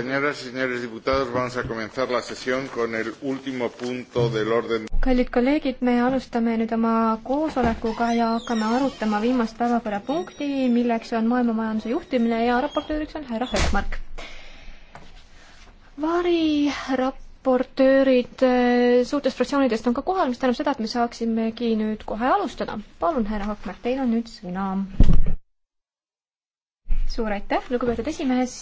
Señoras y señores diputados, vamos a comenzar la sesión con el último punto del orden. kallid kolleegid, me alustame nüüd oma koosolekuga ja hakkame arutama viimast päevakorrapunkti, milleks on maailmamajanduse juhtimine ja raportööriks on härra Höökmark. variraportöörid äh, suurtest fraktsioonidest on ka kohal, mis tähendab seda, et me saaksimegi nüüd kohe alustada. palun, härra Höökmark, teil on nüüd sõna. suur aitäh, lugupeetud esimees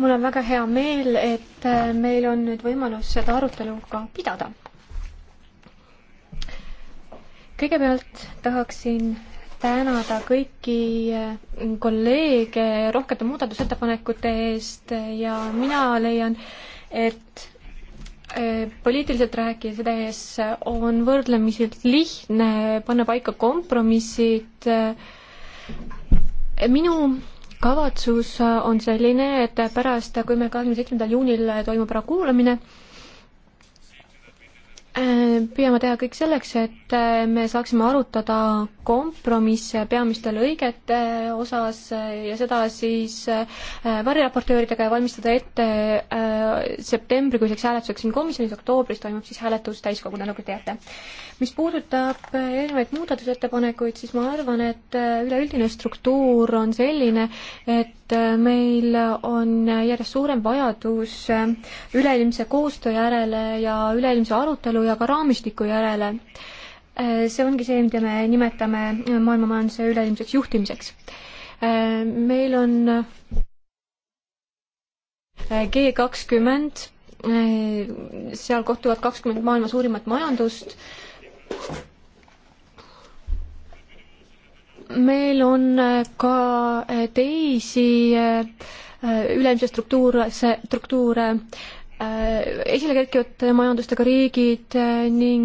mul on väga hea meel, et äh, meil on nüüd võimalus seda arutelu ka pidada. kõigepealt tahaksin tänada kõiki äh, kolleege rohkete muudatusettepanekute eest ja mina leian, et äh, poliitiliselt rääkides on võrdlemisilt lihtne panna paika kompromissid. minu kavatsus äh, on selline, et pärast, kui me kahekümne seitsmendal juunil äh, toimub ära kuulamine, Äh, püüame teha kõik selleks, et äh, me saaksime arutada kompromisse peamiste lõigete äh, osas ja seda siis variraportööridega ja valmistada ette septembrikuiseks hääletuseks siin komisjonis, oktoobris toimub siis hääletus täiskogu, nagu teate. mis puudutab erinevaid muudatusettepanekuid, siis ma arvan, et üleüldine struktuur on selline, et meil on järjest suurem vajadus üleilmse koostöö järele ja üleilmse arutelu arutelu ja ka raamistiku järele. Äh, see ongi see, mida me nimetame maailmamajanduse üleilmseks juhtimiseks. Äh, meil on äh, G kakskümmend, seal kohtuvad kakskümmend maailma suurimat majandust. meil on ka teisi üleilmse struktuur, struktuure, struktuure Äh, esile kerkivad majandustega riigid äh, ning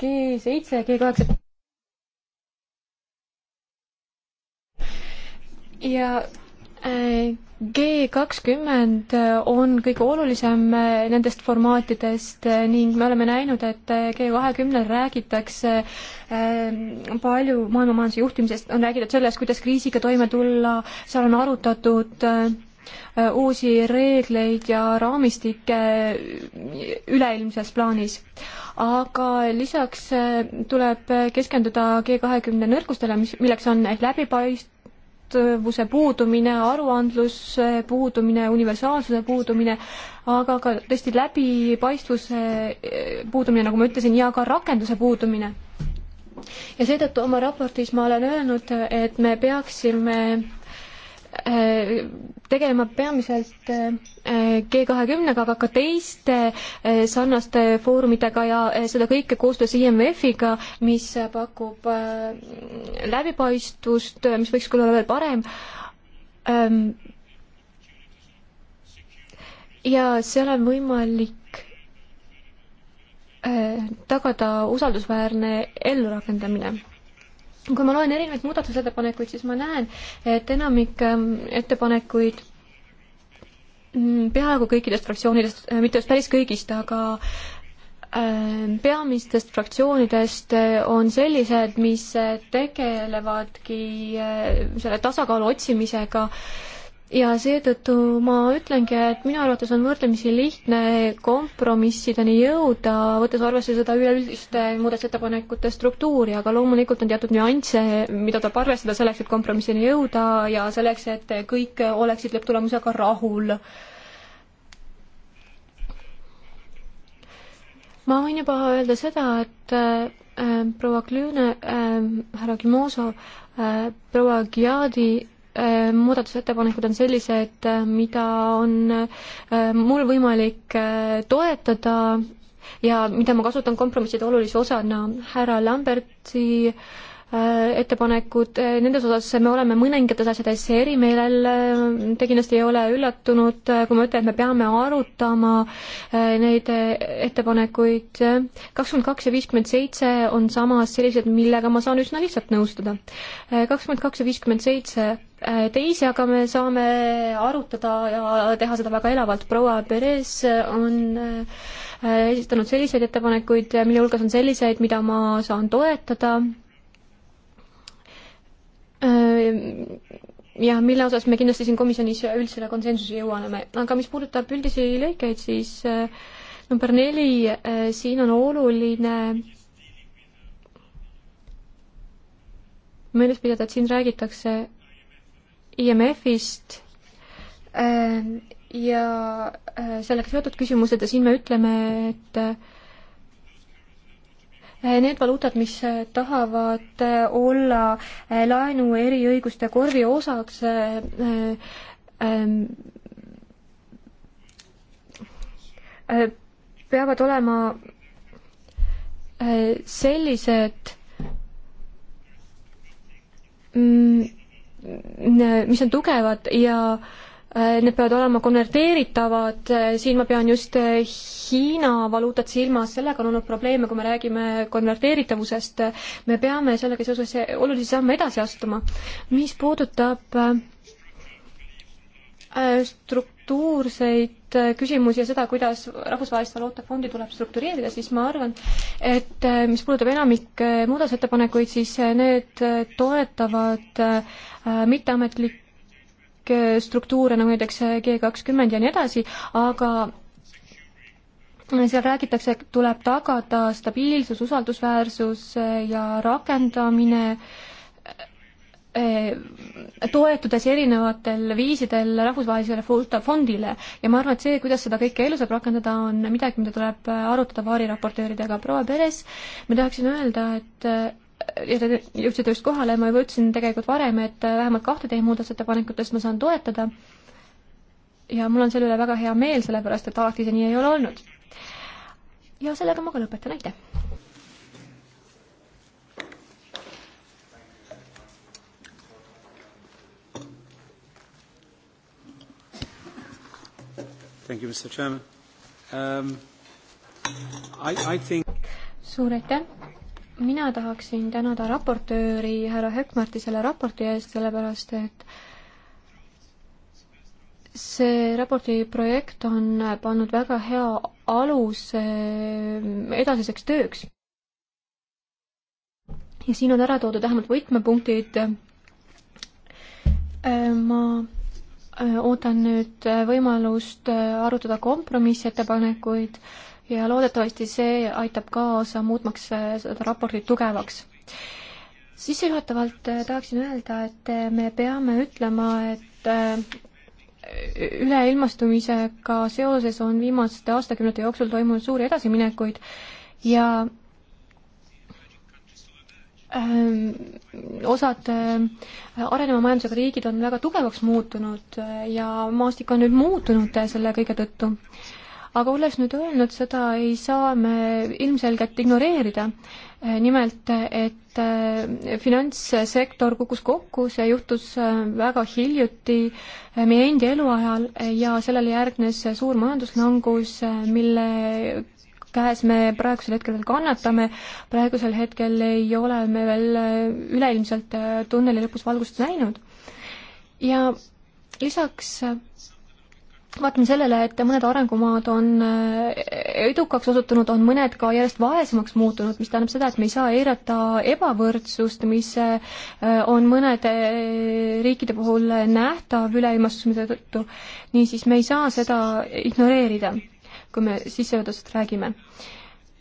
G7 ja G8. ja G äh, kakskümmend on kõige olulisem nendest formaatidest ning me oleme näinud, et G kahekümnel räägitakse palju maailmamajanduse juhtimisest, on räägitud sellest, kuidas kriisiga toime tulla, seal on arutatud äh, Äh, uusi reegleid ja raamistikke üleilmses plaanis. aga lisaks äh, tuleb keskenduda G kahekümne nõrkustele, mis, milleks on läbipaistvuse puudumine, aruandluse puudumine, universaalsuse puudumine, aga ka tõesti läbipaistvuse äh, puudumine, nagu ma ütlesin, ja ka rakenduse puudumine ja seetõttu oma raportis ma olen öelnud, et me peaksime Äh, tegelema peamiselt äh, G20-ga, aga ka teiste äh, sarnaste foorumitega ja seda kõike koostöös IMF-iga, mis pakub läbipaistvust, mis võiks küll olla veel parem ähm, ja seal on võimalik tagada usaldusväärne ellurakendamine kui ma loen erinevaid muudatusettepanekuid, siis ma näen, et enamik ähm, ettepanekuid mm, peaaegu kõikidest fraktsioonidest, äh, mitte just päris kõigist, aga ähm, peamistest fraktsioonidest äh, on sellised, mis äh, tegelevadki selle tasakaalu otsimisega äh, ja seetõttu ma ütlengi, et minu arvates on võrdlemisi lihtne kompromissideni jõuda, võttes arvesse seda üleüldist muudatusettepanekute struktuuri, aga loomulikult on teatud nüansse, mida tuleb arvestada selleks, et kompromissini jõuda ja selleks, et kõik oleksid lõpptulemusega rahul. ma võin juba öelda seda, et äh, proua Klüüne äh,, härra Kimoso äh,, proua Giadi Äh, muudatusettepanekud on sellised, äh, mida on äh, mul võimalik toetada ja mida ma kasutan kompromisside olulise osana. härra Lamberti äh, Äh, ettepanekud, äh, nendes osas me oleme mõningates asjades erimeelel, äh, te kindlasti ei ole üllatunud, kui ma ütlen, et me peame arutama neid ettepanekuid. kakskümmend kaks ja viiskümmend seitse on samas sellised, millega ma saan üsna lihtsalt nõustuda. kakskümmend kaks ja viiskümmend seitse teisi aga me saame arutada ja teha seda väga elavalt, proua Perez on esitanud selliseid ettepanekuid, mille hulgas on selliseid, mida ma saan toetada Äh, jah, mille osas me kindlasti siin komisjonis üldisele konsensusele jõuame, aga mis puudutab üldisi lõikeid, siis äh, number neli, äh, siin on oluline meeles pidada, et siin räägitakse IMF-ist ja sellega seotud küsimused ja siin me ütleme, et Need valuutad, mis tahavad olla laenu eriõiguste korvi osaks, äh, äh, äh, peavad olema sellised, mm, mis on tugevad ja äh, Äh, need peavad olema konverteeritavad, äh, siin ma pean just äh, Hiina valuutat silmas, sellega on olnud probleeme, kui me räägime konverteeritavusest, me peame sellega seoses olulisi samme edasi astuma. mis puudutab struktuurseid küsimusi ja seda, kuidas Rahvusvahelist Valuutafondi tuleb struktureerida, siis ma arvan, et mis puudutab enamik muudatusettepanekuid, siis need toetavad mitteametlik-, Eh, struktuure, nagu näiteks eh, G kakskümmend ja nii edasi, aga seal räägitakse, et tuleb tagada stabiilsus, usaldusväärsus eh, ja rakendamine, toetudes erinevatel viisidel rahvusvahelisele fondile ja ma arvan, et see, kuidas seda kõike ellu saab rakendada, on midagi, mida tuleb arutada vaariraportööridega. proua Peres, ma tahaksin öelda, et jõudsite just kohale, ma juba ütlesin tegelikult varem, et vähemalt kahte teie muudatusettepanekutest ma saan toetada ja mul on selle üle väga hea meel, sellepärast et alati see nii ei ole olnud. ja sellega ma ka lõpetan, aitäh! Thank you, Mr Chairman um,. I, I think suur aitäh! mina tahaksin tänada raportööri härra Hökmarti selle raporti eest, sellepärast et see raporti projekt on pannud väga hea aluse eh, edasiseks tööks. ja siin on ära toodud vähemalt võtmepunktid. Eh, ma eh, ootan nüüd võimalust arutada kompromissettepanekuid ja loodetavasti see aitab kaasa, muutmaks äh, seda raportit tugevaks. sissejuhatavalt äh, tahaksin öelda, et äh, me peame ütlema, et üleilmastumisega seoses on viimaste aastakümnete jooksul toimunud suuri edasiminekuid ja ähm, osad areneva majandusega riigid on väga tugevaks muutunud ja maastik on nüüd muutunud selle kõige tõttu aga olles nüüd öelnud seda, ei saa me ilmselgelt ignoreerida eh, nimelt, et eh, finantssektor kukkus kokku, see juhtus eh, väga hiljuti meie endi eluajal ja sellele järgnes suur majanduslangus, mille käes me praegusel hetkel veel kannatame, praegusel hetkel ei ole me veel üleilmselt tunneli lõpus valgust näinud. ja lisaks vaatame sellele, et mõned arengumaad on äh, edukaks osutunud, on mõned ka järjest vaesemaks muutunud, mis tähendab seda, et me ei saa eirata ebavõrdsust, mis äh, on mõnede äh, riikide puhul nähtav üleilmastumise tõttu. niisiis, me ei saa seda ignoreerida, kui me sissejuhatusest räägime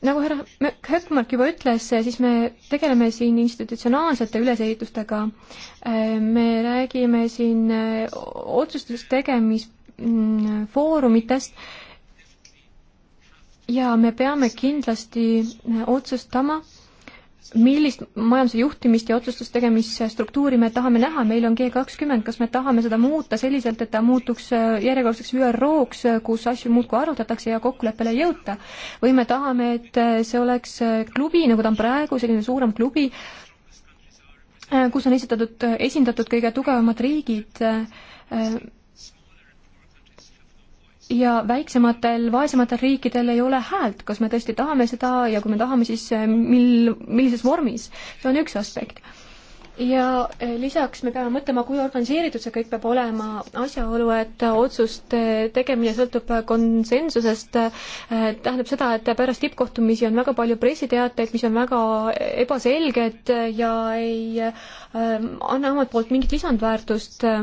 nagu härra Höckmark juba ütles, siis me tegeleme siin institutsionaalsete ülesehitustega. me räägime siin otsustustegemis- Mm, foorumitest ja me peame kindlasti äh, otsustama, millist majanduse juhtimist ja otsustustegemise struktuuri me tahame näha, meil on G kakskümmend, kas me tahame seda muuta selliselt, et ta muutuks äh, järjekordseks ÜRO-ks, äh, kus asju muudkui arutatakse ja kokkuleppele ei jõuta, või me tahame, et see oleks klubi, nagu ta on praegu, selline suurem klubi, kus on esitatud, esindatud kõige tugevamad riigid, ja väiksematel, vaesematel riikidel ei ole häält, kas me tõesti tahame seda ja kui me tahame, siis eh, mil, millises vormis, see on üks aspekt. ja eh, lisaks me peame mõtlema, kui organiseeritud see kõik peab olema, asjaolu, et otsuste tegemine sõltub konsensusest, eh, tähendab seda, et pärast tippkohtumisi on väga palju pressiteateid, mis on väga ebaselged ja ei äh, anna omalt poolt mingit lisandväärtust äh,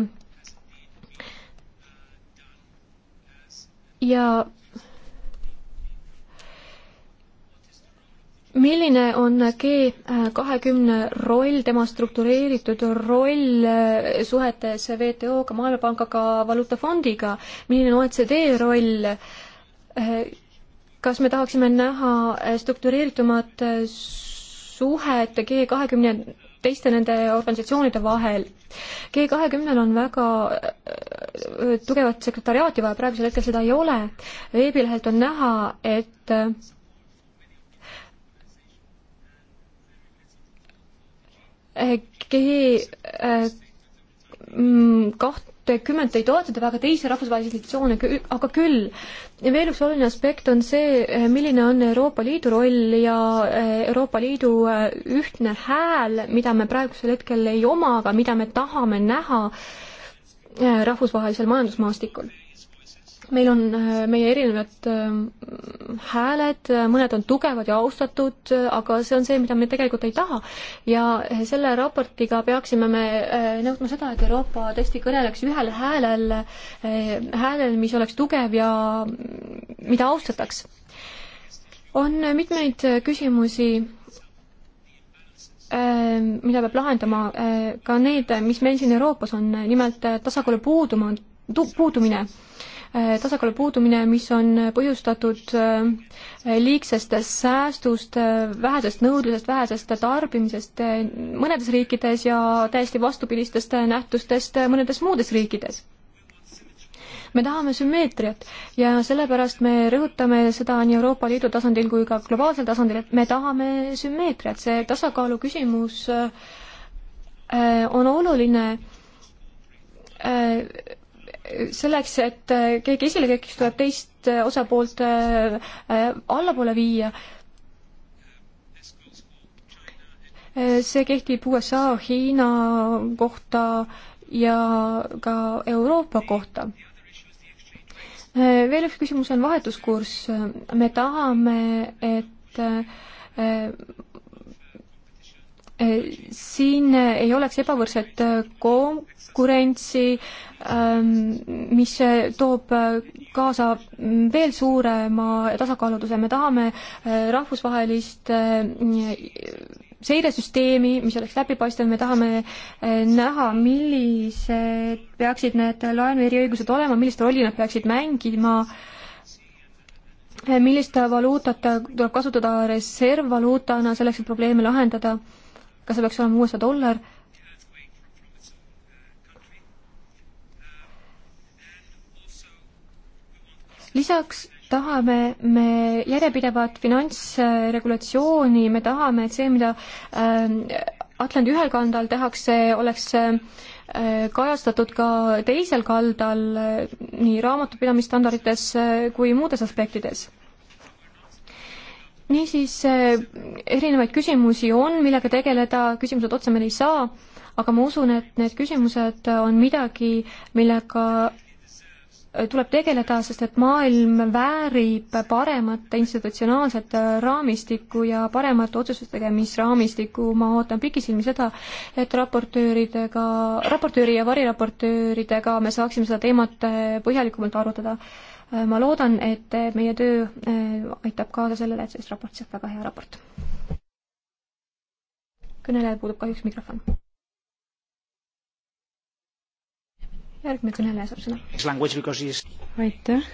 ja milline on G kahekümne roll, tema struktureeritud roll eh, suhetes WTO-ga, Maailmapangaga, Valuutafondiga, milline on OECD roll? Eh, kas me tahaksime näha eh, struktureeritumat suhet G kahekümne teiste nende organisatsioonide vahel. G kahekümnel on väga äh, tugevat sekretariaati vaja, praegusel hetkel seda ei ole. veebilehelt on näha, et äh, G äh, mm, kaht-, ühtekümmet ei toetata väga teisi rahvusvahelisi institutsioone, aga küll. ja veel üks oluline aspekt on see, eh, milline on Euroopa Liidu roll ja eh, Euroopa Liidu eh, ühtne hääl, mida me praegusel hetkel ei oma, aga mida me tahame näha rahvusvahelisel majandusmaastikul meil on äh, meie erinevad äh, hääled, äh, mõned on tugevad ja austatud, aga see on see, mida me tegelikult ei taha. ja selle raportiga peaksime me nõudma seda, et Euroopa tõesti kõneleks ühel häälel, häälel, mis oleks tugev ja mm, mida austataks. on mitmeid küsimusi, mida peab lahendama, ka need, mis meil siin Euroopas on, nimelt tasakaalu puuduma, puudumine Äh, tasakaalu puudumine, mis on põhjustatud äh, liigsest säästust, äh, vähesest nõudlusest, vähesest tarbimisest mõnedes riikides ja täiesti vastupidistest nähtustest mõnedes muudes riikides me tahame sümmeetriat ja sellepärast me rõhutame seda nii Euroopa Liidu tasandil kui ka globaalsel tasandil, et me tahame sümmeetriat, see tasakaalu küsimus on oluline selleks, et keegi esile kerkiks, tuleb teist osapoolt äh, äh, allapoole viia. see kehtib USA, Hiina kohta ja ka Euroopa kohta. veel üks küsimus on vahetuskurss. me tahame, et äh, siin ei oleks ebavõrdset konkurentsi, ähm, mis toob kaasa veel suurema tasakaalutuse, me tahame äh, rahvusvahelist äh, seiresüsteemi, mis oleks läbipaistev, me tahame äh, näha, millised peaksid need laenu eriõigused olema, millist rolli nad peaksid mängima millist valuutat tuleb kasutada reservvaluutana selleks, et probleeme lahendada kas see peaks olema USA dollar? lisaks tahame me järjepidevat finantsregulatsiooni, me tahame, et see, mida ähm, Atlandi ühel kaldal tehakse, oleks ähm, kajastatud ka teisel kaldal äh, nii raamatupidamisstandardites äh, kui muudes aspektides niisiis eh, erinevaid küsimusi on, millega tegeleda, küsimused otsa meil ei saa, aga ma usun, et need küsimused on midagi, millega eh, tuleb tegeleda, sest et maailm väärib paremat institutsionaalset eh, raamistikku ja paremat otsustustegemisraamistikku, ma ootan pikisilmi seda, et raportööridega, raportööri ja variraportööridega me saaksime seda teemat põhjalikumalt arutada Äh, ma loodan, et äh, meie töö äh, aitab kaasa sellele, et sellest raport saab väga hea raport. kõnelejal puudub kahjuks mikrofon. järgmine kõneleja saab sõna. aitäh,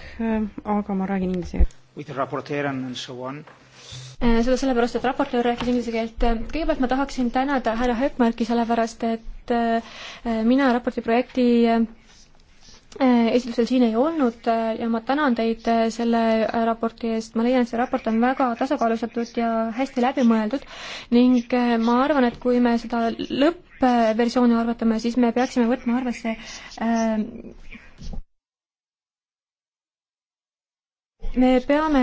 aga ma räägin inglise keeles. With the raporteer and so on seda sellepärast, et raportöör rääkis inglise keelt. kõigepealt ma tahaksin tänada härra Höökmarki, sellepärast et mina raporti projekti Äh, esitlusel siin ei olnud äh, ja ma tänan teid äh, selle raporti eest, ma leian, et see raport on väga tasakaalustatud ja hästi läbimõeldud ning ma arvan, et kui me seda lõppversiooni arvatame, siis me peaksime võtma arvesse me peame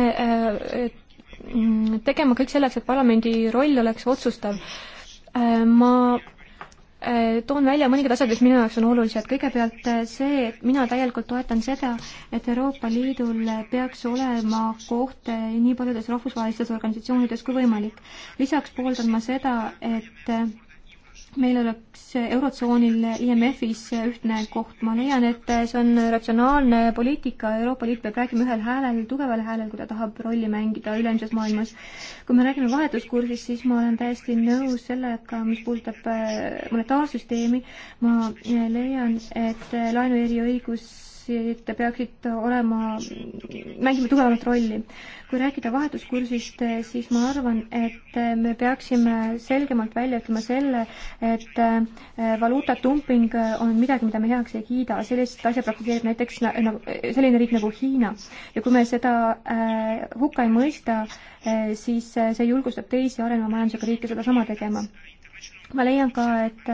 tegema kõik selleks, et parlamendi roll oleks otsustav. ma Äh, toon välja mõningad asjad, mis minu jaoks on olulised. kõigepealt äh, see, et mina täielikult toetan seda, et Euroopa Liidul peaks olema koht äh, nii paljudes rahvusvahelistes organisatsioonides kui võimalik. lisaks pooldan ma seda, et et meil oleks Eurotsoonil IMF-is ühtne koht. ma leian, et see on ratsionaalne poliitika, Euroopa Liit peab rääkima ühel häälel, tugeval häälel, kui ta tahab rolli mängida üleilmses maailmas. kui me räägime vahetuskursist, siis ma olen täiesti nõus sellega, mis puudutab äh, monetaarsüsteemi. ma leian, et laenu eriõigus peaksid, peaksid olema, mängima tugevamat rolli. kui rääkida vahetuskursist, siis ma arvan, et me peaksime selgemalt välja ütlema selle, et eh, valuutatumping on midagi, mida me heaks ei kiida, sellist asja praktiseerib näiteks nagu selline riik nagu Hiina. ja kui me seda eh, hukka ei mõista, eh, siis see julgustab teisi areneva majandusega riike sedasama tegema ma leian ka, et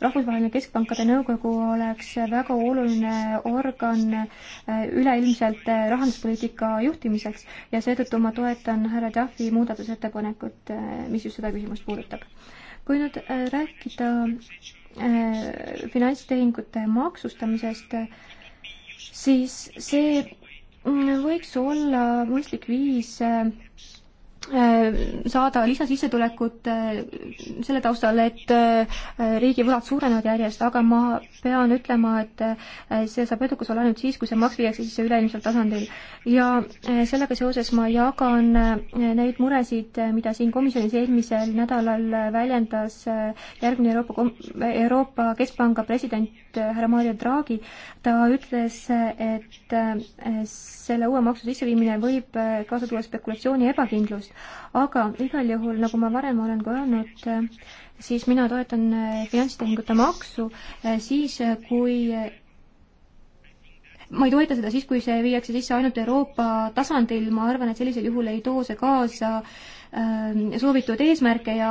Rahvusvaheline Keskpankade Nõukogu oleks väga oluline organ äh, üleilmselt äh, rahanduspoliitika juhtimiseks ja seetõttu ma toetan härra Jaffi muudatusettepanekut, äh, mis just seda küsimust puudutab. kui nüüd rääkida finantstehingute maksustamisest, siis see mm, võiks olla mõistlik viis Äh, saada lisasissetulekut äh, selle taustal, et äh, riigivõlad suurenevad järjest, aga ma pean ütlema, et see saab edukas olla ainult siis, kui see maks viiakse sisse üleilmsel tasandil. ja sellega seoses ma jagan neid muresid, mida siin komisjonis eelmisel nädalal väljendas järgmine Euroopa kom-, Euroopa Keskpanga president härra Mario Draghi. ta ütles, et selle uue maksu sisseviimine võib kaasa tuua spekulatsiooni ja ebakindlust aga igal juhul, nagu ma varem olen ka öelnud, siis mina toetan eh, finantstehingute maksu eh, siis, eh, kui ma ei toeta seda siis, kui see viiakse sisse ainult Euroopa tasandil, ma arvan, et sellisel juhul ei too see kaasa soovitud eesmärke ja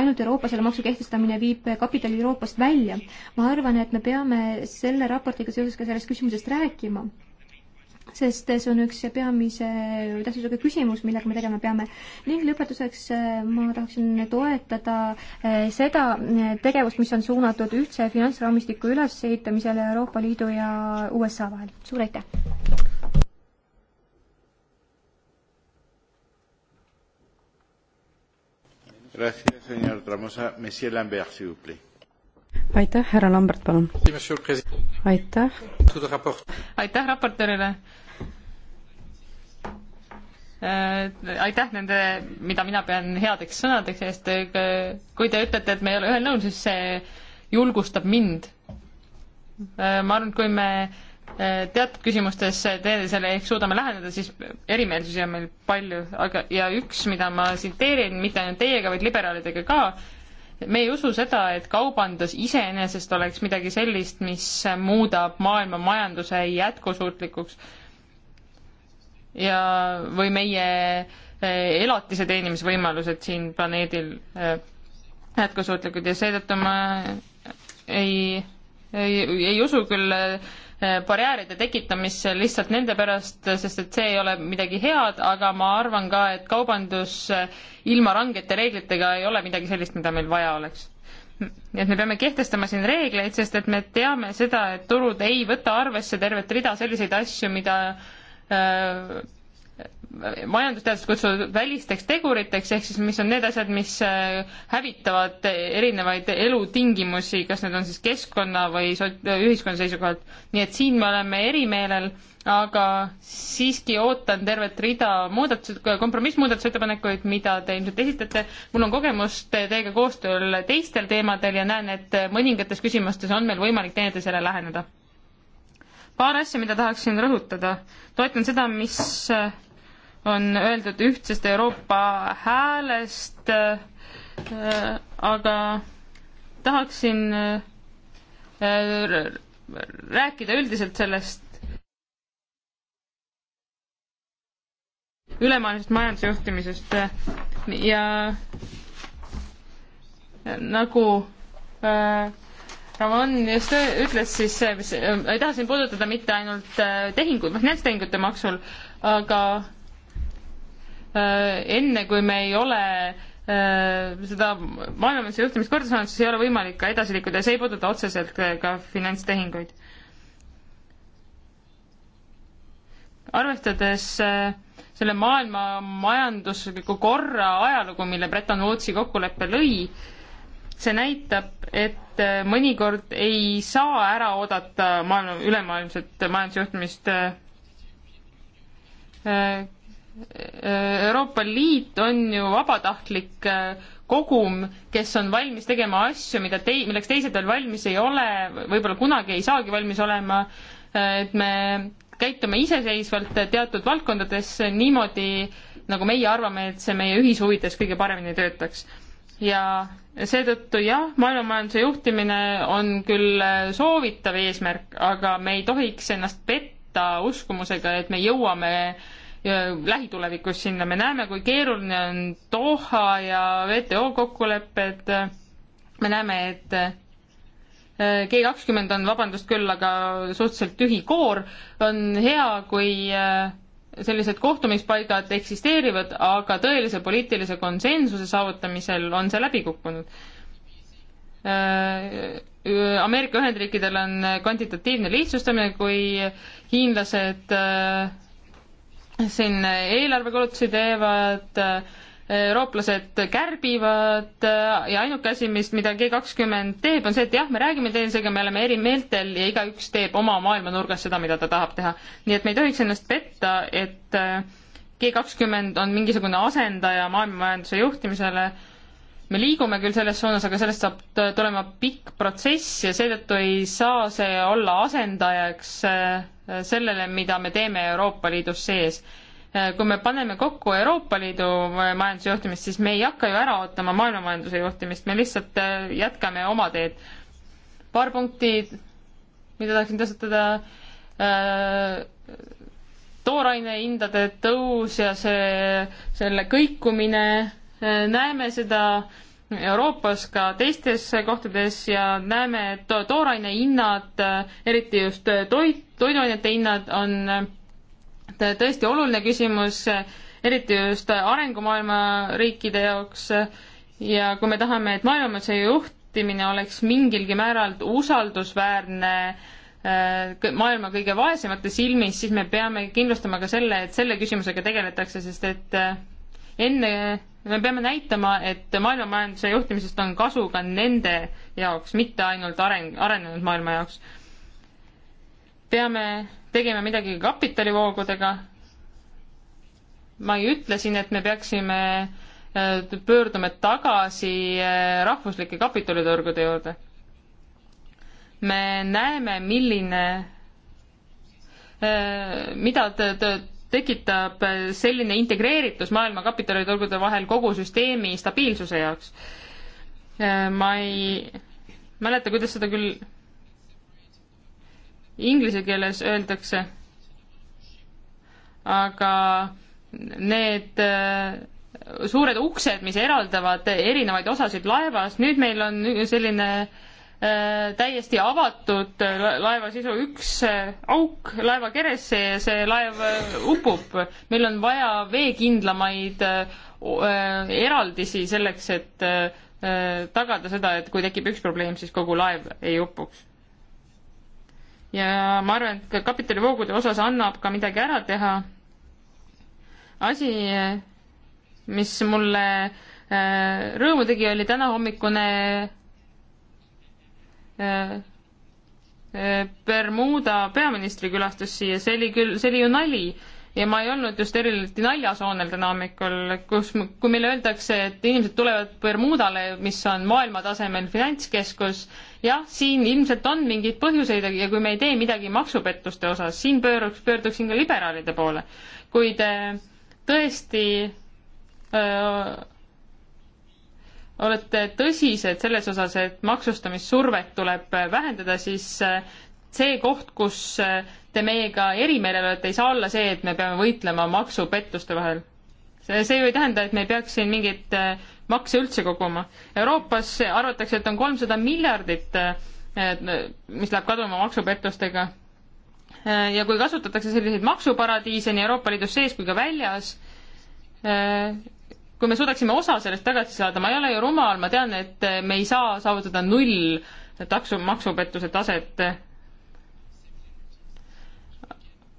ainult Euroopa selle maksu kehtestamine viib kapitali Euroopast välja. ma arvan, et me peame selle raportiga seoses ka sellest küsimusest rääkima sest see on üks peamise tähtsusega küsimus, millega me tegema peame. ning lõpetuseks eh, ma tahaksin toetada eh, seda eh, tegevust, mis on suunatud ühtse finantsraamistiku ülesehitamisele Euroopa Liidu ja USA vahel. suur aitäh! aitäh, härra Lambert, palun! aitäh! aitäh raportöörile! Äh, aitäh nende, mida mina pean headeks sõnadeks eest, kui te ütlete, et me ei ole ühel nõul, siis see julgustab mind. Äh, ma arvan, et kui me äh, teatud küsimustes teineteisele ehk suudame läheneda, siis erimeelsusi on meil palju, aga, ja üks, mida ma tsiteerin mitte ainult teiega, vaid liberaalidega ka, me ei usu seda, et kaubandus iseenesest oleks midagi sellist, mis muudab maailma majanduse jätkusuutlikuks ja, või meie eh, elatise teenimisvõimalused siin planeedil eh, jätkusuutlikud ja seetõttu ma ei, ei, ei usu küll eh, barjääride tekitamisse lihtsalt nende pärast, sest et see ei ole midagi head, aga ma arvan ka, et kaubandus ilma rangete reeglitega ei ole midagi sellist, mida meil vaja oleks. nii et me peame kehtestama siin reegleid, sest et me teame seda, et turud ei võta arvesse tervet rida selliseid asju, mida Äh, majandusteadlased kutsuvad välisteks teguriteks, ehk siis mis on need asjad, mis äh, hävitavad erinevaid elutingimusi, kas need on siis keskkonna või ühiskonna seisukohalt. nii et siin me oleme erimeelel, aga siiski ootan tervet rida muudatused, kompromissmuudatusettepanekuid, mida te ilmselt esitate. mul on kogemust teiega koostööl teistel teemadel ja näen, et mõningates küsimustes on meil võimalik teineteisele läheneda paar asja, mida tahaksin rõhutada. toetan seda, mis äh, on öeldud ühtsest Euroopa häälest, äh, aga tahaksin äh, rääkida üldiselt sellest ülemaailmsest majandusjuhtimisest ja nagu äh, Ramon just ütles siis, mis, ma äh, ei taha siin puudutada mitte ainult äh, tehinguid, finantstehingute noh, maksul, aga äh, enne kui me ei ole seda maailmamise juhtimist korda saanud, siis ei ole võimalik ka edasi liikuda ja see ei puuduta otseselt ka finantstehinguid. arvestades selle maailma majandusliku korra ajalugu, mille Bretton Woodsi kokkulepe lõi, see näitab, et äh, mõnikord ei saa ära oodata maailma, ülemaailmset majandusjuhtimist. Äh, äh, Euroopa Liit on ju vabatahtlik kogum, kes on valmis tegema asju, mida tei-, milleks teised veel valmis ei ole, võib-olla kunagi ei saagi valmis olema, et me käitume iseseisvalt teatud valdkondades niimoodi, nagu meie arvame, et see meie ühishuvides kõige paremini töötaks. ja seetõttu jah, maailmamajanduse juhtimine on küll äh, soovitav eesmärk, aga me ei tohiks ennast petta uskumusega, et me jõuame äh, lähitulevikus sinna, me näeme, kui keeruline on Doha ja WTO kokkulepped, me näeme, et äh, G kakskümmend on, vabandust küll, aga suhteliselt tühi koor, on hea, kui sellised kohtumispaigad eksisteerivad, aga tõelise poliitilise konsensuse saavutamisel on see läbi kukkunud. Äh, Ameerika Ühendriikidel on kvantitatiivne lihtsustamine, kui hiinlased äh, siin eelarvekulutusi teevad, äh, eurooplased kärbivad äh, ja ainuke asi, mis, mida G kakskümmend teeb, on see, et jah, me räägime teineteisega, me oleme eri meeltel ja igaüks teeb oma maailmanurgas seda, mida ta tahab teha. nii et me ei tohiks ennast petta, et äh, G kakskümmend on mingisugune asendaja maailmamajanduse juhtimisele. me liigume küll selles suunas, aga sellest saab tulema pikk protsess ja seetõttu ei saa see olla asendajaks äh, sellele, mida me teeme Euroopa Liidus sees Äh, kui me paneme kokku Euroopa Liidu äh, majanduse juhtimist, siis me ei hakka ju ära ootama maailmamajanduse juhtimist, me lihtsalt äh, jätkame oma teed. paar punkti, mida tahaksin tõstatada. tooraine hindade tõus ja see, selle kõikumine, näeme seda Euroopas ka teistes kohtades ja näeme, et tooraine hinnad, eriti just toit, toiduainete hinnad on tõesti oluline küsimus, eriti just arengumaailma riikide jaoks ja kui me tahame, et maailmamatuse juhtimine oleks mingilgi määral usaldusväärne äh, maailma kõige vaesemate silmis, siis me peame kindlustama ka selle, et selle küsimusega tegeletakse, sest et äh, enne me peame näitama, et maailmamajanduse juhtimisest on kasu ka nende jaoks, mitte ainult areng, arenenud maailma jaoks. peame tegime midagi kapitalivoogudega. ma ei ütle siin, et me peaksime äh, pöörduma tagasi äh, rahvuslike kapitaliturgude juurde. me näeme, milline, äh, mida tekitab selline integreeritus maailma kapitaliturgude vahel kogu süsteemi stabiilsuse jaoks. ma ei mäleta, kuidas seda küll inglise keeles öeldakse, aga need äh, suured uksed, mis eraldavad erinevaid osasid laevas, nüüd meil on selline äh, täiesti avatud äh, laeva sisu, üks auk laeva keresse ja see laev upub. meil on vaja veekindlamaid eraldisi selleks, et tagada seda, et kui tekib üks probleem, siis kogu laev ei upuks ja ma arvan, et ka kapitalivoogude osas annab ka midagi ära teha. asi, mis mulle äh, rõõmu tegi, oli tänahommikune äh, äh, Bermuda peaministri külastus siia, see oli küll, see oli ju nali ja ma ei olnud just eriti naljasoonel täna hommikul, kus, kui meile öeldakse, et inimesed tulevad Bermudale, mis on maailmatasemel finantskeskus jah, siin ilmselt on mingeid põhjuseid ja kui me ei tee midagi maksupettuste osas, siin pööruks, pöörduksin ka liberaalide poole, kuid äh, tõesti öö, äh, olete tõsised selles osas, et maksustamissurvet tuleb äh, vähendada, siis see koht, kus te meiega erimeelel olete, ei saa olla see, et me peame võitlema maksupettuste vahel. see ju ei tähenda, et me ei peaks siin mingeid äh, makse üldse koguma. Euroopas arvatakse, et on kolmsada miljardit, eh, mis läheb kaduma maksupettustega. Eh, ja kui kasutatakse selliseid maksuparadiise nii Euroopa Liidus sees kui ka väljas, eh, kui me suudaksime osa sellest tagasi saada, ma ei ole ju rumal, ma tean, et me ei saa saavutada null taksu, maksupettuse taset.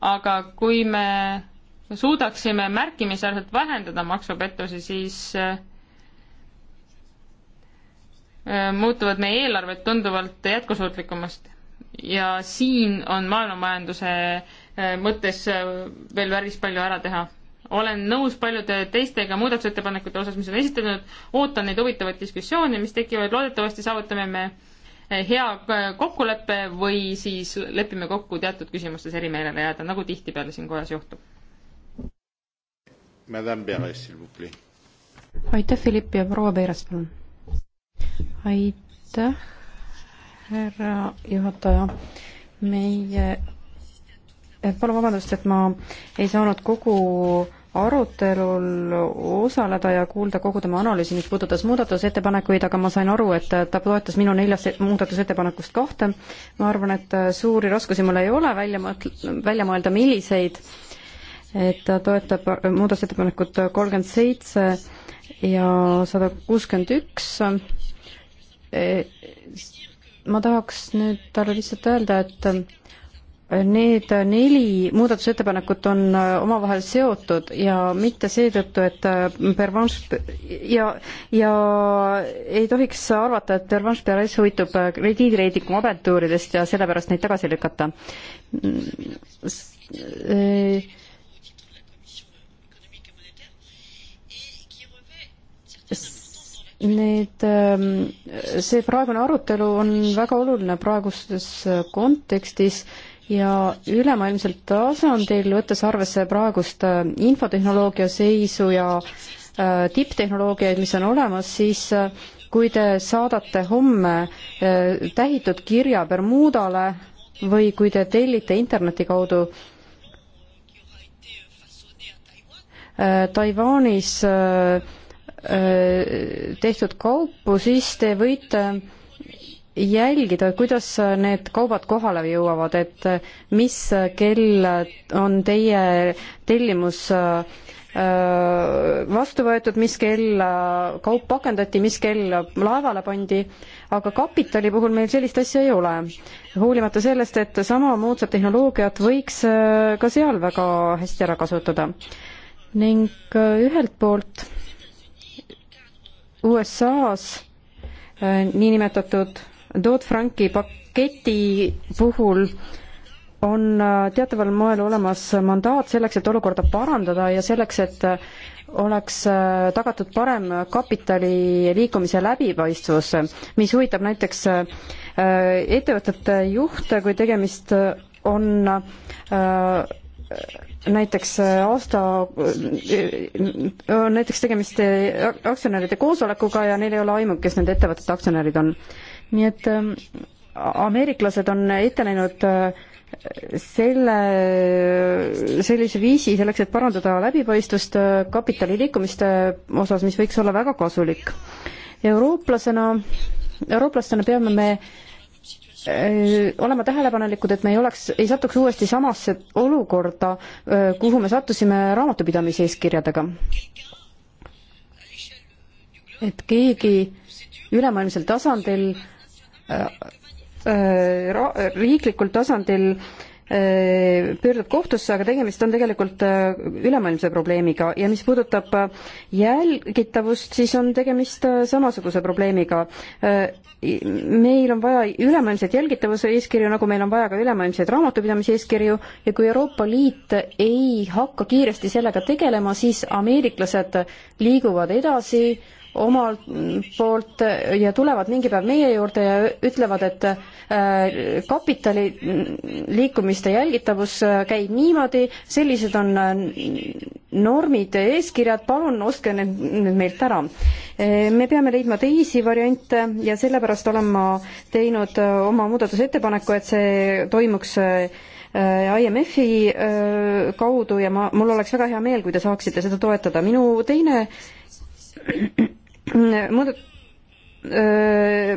aga kui me suudaksime märkimisväärselt vähendada maksupettusi, siis äh, Äh, muutuvad meie eelarved tunduvalt jätkusuutlikumast ja siin on maailmamajanduse äh, mõttes äh, veel päris palju ära teha. olen nõus paljude teistega muudatusettepanekute osas, mis on esitanud, ootan neid huvitavaid diskussioone, mis tekivad, loodetavasti saavutame me hea kokkuleppe või siis lepime kokku teatud küsimustes erimeelele jääda, nagu tihtipeale siin kojas juhtub. aitäh, Philipp ja proua Peiras, palun aitäh, härra juhataja. meie, eh, palun vabandust, et ma ei saanud kogu arutelul osaleda ja kuulda kogu tema analüüsi, mis puudutas muudatusettepanekuid, aga ma sain aru, et ta toetas minu neljast muudatusettepanekust kahte. ma arvan, et suuri raskusi mul ei ole välja mõt-, välja mõelda, milliseid, et ta toetab muudatusettepanekut kolmkümmend seitse ja sada kuuskümmend üks Äh, ma tahaks nüüd talle lihtsalt öelda, et Need neli muudatusettepanekut on äh, omavahel seotud ja mitte seetõttu, et äh, Pervanš ja, ja ei tohiks arvata, et Pervanš Perez huvitub krediidireidiku agentuuridest ja sellepärast neid tagasi lükata. Mm, Need, ähm, see praegune arutelu on väga oluline praeguses kontekstis ja ülemaailmsel tasandil, võttes arvesse praegust äh, infotehnoloogia seisu ja äh, tipptehnoloogiaid, mis on olemas, siis äh, kui te saadate homme tähitud kirja Bermudale või kui te tellite interneti kaudu Taiwanis äh, tehtud kaupu, siis te võite jälgida, kuidas need kaubad kohale jõuavad, et mis kell on teie tellimus vastu võetud, mis kell kaup pakendati, mis kell laevale pandi, aga kapitali puhul meil sellist asja ei ole. hoolimata sellest, et sama moodsat tehnoloogiat võiks ka seal väga hästi ära kasutada. ning ühelt poolt USA-s äh, niinimetatud Dodd-Franki paketi puhul on äh, teataval moel olemas mandaat selleks, et olukorda parandada ja selleks, et äh, oleks tagatud parem kapitali liikumise läbipaistvus, mis huvitab näiteks ettevõtete juhte, kui tegemist on näiteks äh, aasta, äh, näiteks tegemist äh, aktsionäride koosolekuga ja neil ei ole aimu, kes nende ettevõtete aktsionärid on. nii et ähm, ameeriklased on ette näinud selle, sellise viisi selleks, et parandada läbipaistvust kapitali liikumiste osas, mis võiks olla väga kasulik. eurooplasena, eurooplastena peame me äh, Äh, olema tähelepanelikud, et me ei oleks, ei satuks uuesti samasse olukorda, äh, kuhu me sattusime raamatupidamise eeskirjadega. et keegi ülemaailmsel tasandil, äh, riiklikul tasandil äh, pöördub kohtusse, aga tegemist on tegelikult äh, ülemaailmse probleemiga ja mis puudutab äh, jälgitavust, siis on tegemist äh, samasuguse probleemiga. meil on vaja ülemaailmseid jälgitavuse eeskirju, nagu meil on vaja ka ülemaailmseid raamatupidamise eeskirju ja kui Euroopa Liit ei hakka kiiresti sellega tegelema, siis ameeriklased liiguvad edasi omalt poolt ja tulevad mingi päev meie juurde ja ütlevad, et äh, kapitali liikumiste jälgitavus äh, käib niimoodi, sellised on äh, normid ja eeskirjad, palun ostke need nüüd meilt ära. me peame leidma teisi variante ja sellepärast olen ma teinud oma muudatusettepaneku, et see toimuks IMF-i kaudu ja ma, mul oleks väga hea meel, kui te saaksite seda toetada. minu teine Mõõdu-,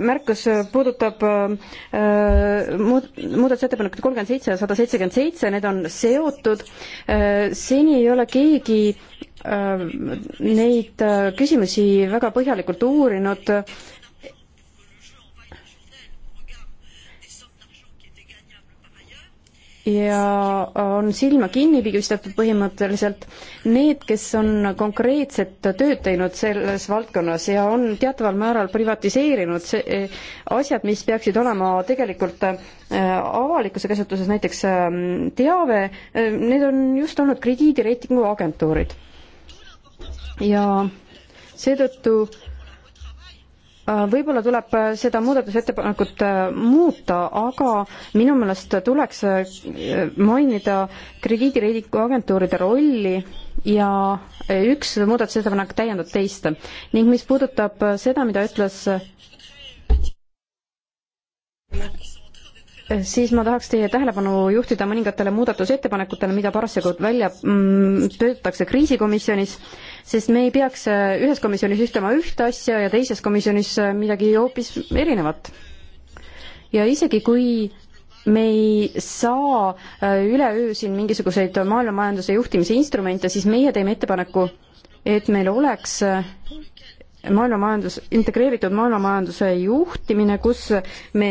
märkus puudutab muud-, muudatusettepanekut kolmkümmend seitse ja sada seitsekümmend seitse, need on seotud. seni ei ole keegi neid küsimusi väga põhjalikult uurinud ja on silma kinni pigistatud põhimõtteliselt. Need, kes on konkreetset tööd teinud selles valdkonnas ja on teataval määral privatiseerinud see, eh, asjad, mis peaksid olema tegelikult eh, avalikkuse käsutuses, näiteks eh, teave, need on just olnud krediidireitingu agentuurid. ja seetõttu Äh, võib-olla tuleb äh, seda muudatusettepanekut äh, muuta, aga minu meelest tuleks mainida krediidireidiku agentuuride rolli ja üks muudatusettepanek täiendab teist. ning mis puudutab seda, mida ütles siis ma tahaks teie tähelepanu juhtida mõningatele muudatusettepanekutele, mida parasjagu välja mm, töötatakse kriisikomisjonis, sest me ei peaks äh, ühes komisjonis ütlema ühte asja ja teises komisjonis äh, midagi hoopis erinevat. ja isegi, kui me ei saa äh, üleöö siin mingisuguseid maailmamajanduse juhtimise instrumente, siis meie teeme ettepaneku, et meil oleks maailmamajandus, integreeritud maailmamajanduse juhtimine, kus me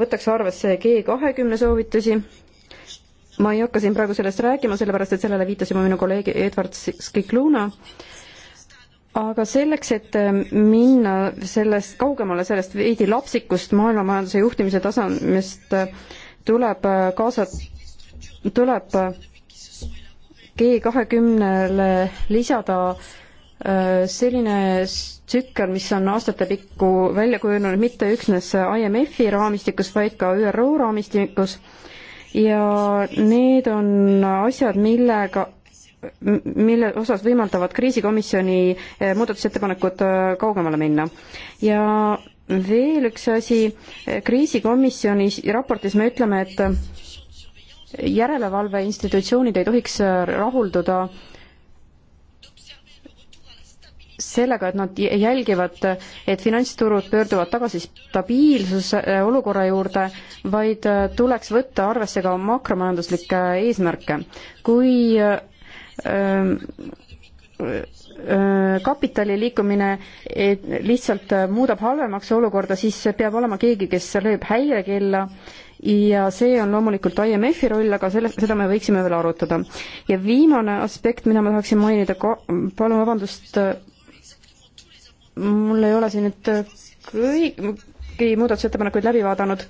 võtaks arvesse G kahekümne soovitusi, ma ei hakka siin praegu sellest rääkima, sellepärast et sellele viitas juba minu kolleeg Edward Skikluna, aga selleks, et minna sellest kaugemale, sellest veidi lapsikust maailmamajanduse juhtimise tasemest, tuleb kaasa, tuleb G kahekümnele lisada äh, selline tsükkel, mis on aastatepikku välja kujunenud mitte üksnes IMF-i raamistikus, vaid ka ÜRO raamistikus ja need on asjad, millega mille osas võimaldavad kriisikomisjoni eh, muudatusettepanekud eh, kaugemale minna. ja veel üks asi, eh, kriisikomisjoni raportis me ütleme, et järelevalve institutsioonid ei tohiks rahulduda äh, sellega, et nad jälgivad, et finantsturud pöörduvad tagasi stabiilsuse äh, olukorra juurde, vaid äh, tuleks võtta arvesse ka makromajanduslikke eesmärke. kui äh, kapitali liikumine lihtsalt muudab halvemaks olukorda, siis peab olema keegi, kes lööb häirekella ja see on loomulikult IMF-i roll, aga selle, seda me võiksime veel arutada. ja viimane aspekt, mida ma tahaksin mainida, palun vabandust, mul ei ole siin nüüd kõiki muudatusettepanekuid läbi vaadanud,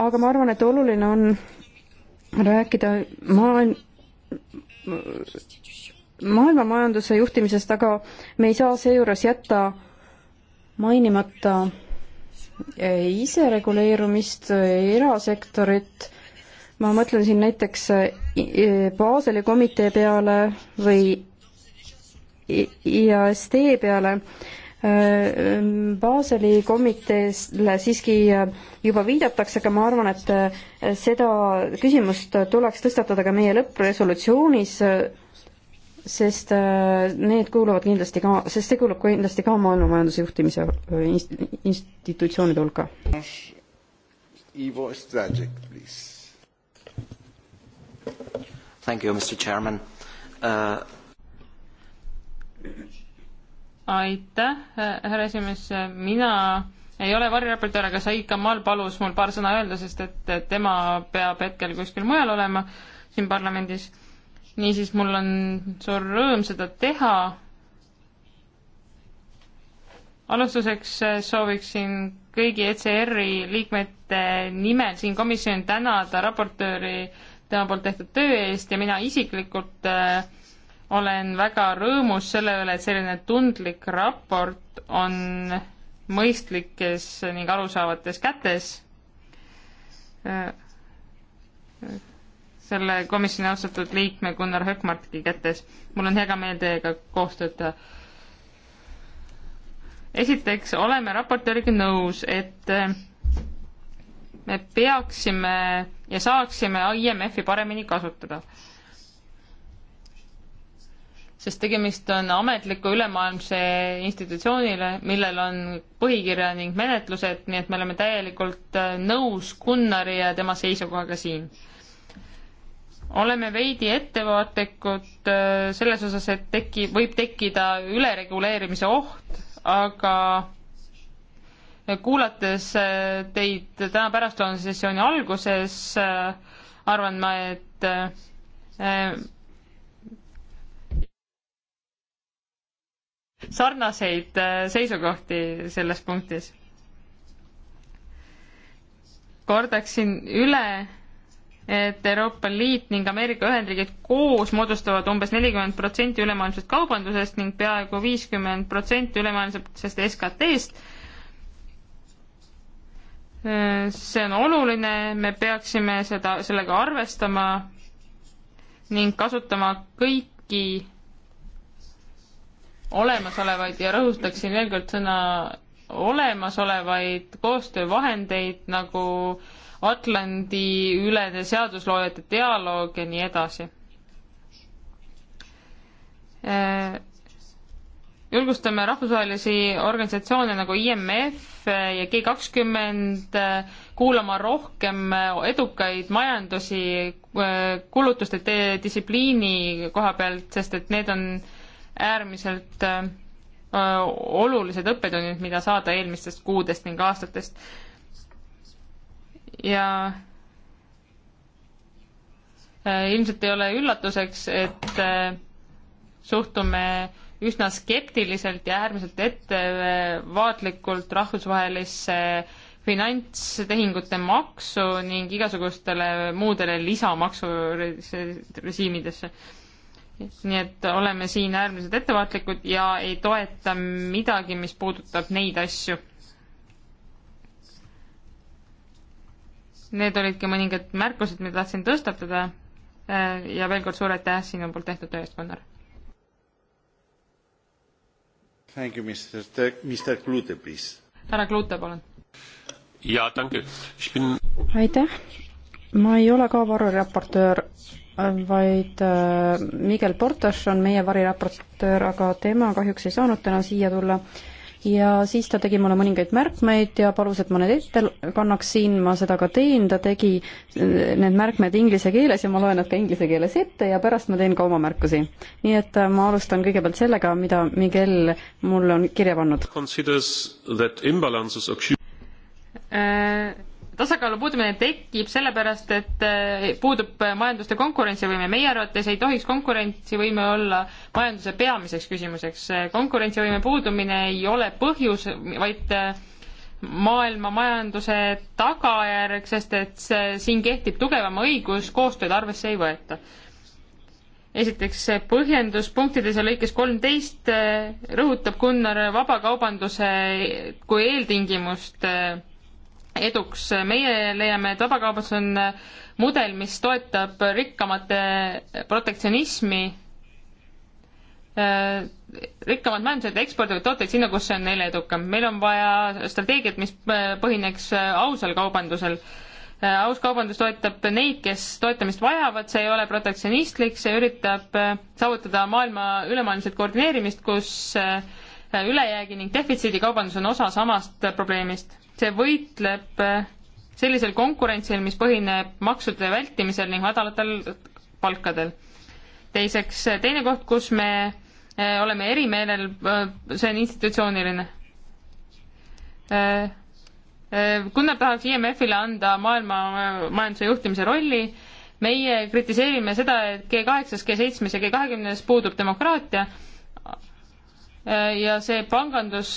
aga ma arvan, et oluline on rääkida maailm, maailmamajanduse juhtimisest, aga me ei saa seejuures jätta mainimata isereguleerumist, erasektorit, ma mõtlen siin näiteks Baseli komitee peale või IASD peale, Baseli komiteele siiski juba viidatakse, aga ma arvan, et seda küsimust tuleks tõstatada ka meie lõppresolutsioonis, sest äh, need kuuluvad kindlasti ka, sest see kuulub kindlasti ka maailmamajanduse juhtimise äh, institutsioonide hulka. Ivo Stragic, please. Thank you, Mr Chairman uh aitäh, härra esimees, mina ei ole variraportöör, aga Said Kamal palus mul paar sõna öelda, sest et tema peab hetkel kuskil mujal olema siin parlamendis. niisiis, mul on suur rõõm seda teha. alustuseks sooviksin kõigi ECR-i liikmete nimel siin komisjoni tänada raportööri tema poolt tehtud töö eest ja mina isiklikult äh, olen väga rõõmus selle üle, et selline tundlik raport on mõistlikes ning arusaavates kätes. selle komisjoni austatud liikme Gunnar Hökmarki kätes. mul on hea meel teiega koostööd teha. esiteks oleme raportööriga nõus, et me peaksime ja saaksime IMF-i paremini kasutada sest tegemist on ametliku ülemaailmse institutsioonile, millel on põhikirja ning menetlused, nii et me oleme täielikult äh, nõus Gunnari ja tema seisukohaga siin. oleme veidi ettevaatlikud äh, selles osas, et teki-, võib tekkida ülereguleerimise oht, aga kuulates äh, teid täna pärastlõunase sessiooni alguses, arvan ma, et sarnaseid äh, seisukohti selles punktis. kordaksin üle, et Euroopa Liit ning Ameerika Ühendriigid koos moodustavad umbes nelikümmend protsenti ülemaailmsest kaubandusest ning peaaegu viiskümmend protsenti ülemaailmsest SKT-st see on oluline, me peaksime seda, sellega arvestama ning kasutama kõiki olemasolevaid ja rõhutaksin veel kord sõna olemasolevaid koostöövahendeid nagu Atlandi ülene seadusloojate dialoog ja nii edasi. Äh, julgustame rahvusvahelisi organisatsioone nagu IMF ja G kakskümmend äh, kuulama rohkem edukaid majandusi äh, kulutuste distsipliini koha pealt, sest et need on äärmiselt äh, äh, olulised õppetunnid, mida saada eelmistest kuudest ning aastatest. ja äh, ilmselt ei ole üllatuseks, et suhtume üsna skeptiliselt ja äärmiselt ettevaatlikult rahvusvahelisse finantstehingute maksu ning igasugustele muudele lisamaksurežiimidesse nii et oleme siin äärmiselt ettevaatlikud ja ei toeta midagi, mis puudutab neid asju. Need olidki mõningad märkused, mida tahtsin tõstatada äh, ja veel kord suur aitäh sinu poolt tehtud töö eest, Gunnar. Thank you, Mr. Mr. Klute, please. härra Klute, palun. jaa, tänke. aitäh. ma ei ole ka varuraportöör Äh, vaid äh, Miguel Portas on meie variraportöör, aga tema kahjuks ei saanud täna siia tulla. ja siis ta tegi mulle mõningaid märkmeid ja palus, et ma need ette kannaks siin, ma seda ka teen, ta tegi äh, need märkmed inglise keeles ja ma loen nad ka inglise keeles ette ja pärast ma teen ka oma märkusi. nii et ma alustan kõigepealt sellega, mida Miguel mulle on kirja pannud. Considers that imbalances occur- äh tasakaalu puudumine tekib sellepärast, et eh, puudub majanduste konkurentsivõime. meie arvates ei tohiks konkurentsivõime olla majanduse peamiseks küsimuseks. Eh, konkurentsivõime puudumine ei ole põhjus, vaid eh, maailma majanduse tagajärg, sest et siin kehtib tugevam õigus, koostööd arvesse ei võeta esiteks põhjendus punktides ja lõikes kolmteist rõhutab Gunnar vabakaubanduse kui eeltingimust äh, eduks. meie leiame, et vabakaubandus on mudel, mis toetab rikkamate protektsionismi. rikkamad majandused ekspordivad tooteid sinna, kus see on neile edukam. meil on vaja strateegiat, mis põhineks ausal kaubandusel. aus kaubandus toetab neid, kes toetamist vajavad, see ei ole protektsionistlik, see üritab saavutada maailma ülemaailmset koordineerimist, kus ülejäägi ning defitsiidikaubandus on osa samast probleemist see võitleb äh, sellisel konkurentsil, mis põhineb maksude vältimisel ning madalatel palkadel. teiseks, äh, teine koht, kus me äh, oleme erimeelel, see on institutsiooniline. Gunnar tahaks IMF-ile anda maailma majanduse juhtimise rolli, meie kritiseerime seda, et G kaheksas, G seitsmes ja G kahekümnes puudub demokraatia ja see pangandus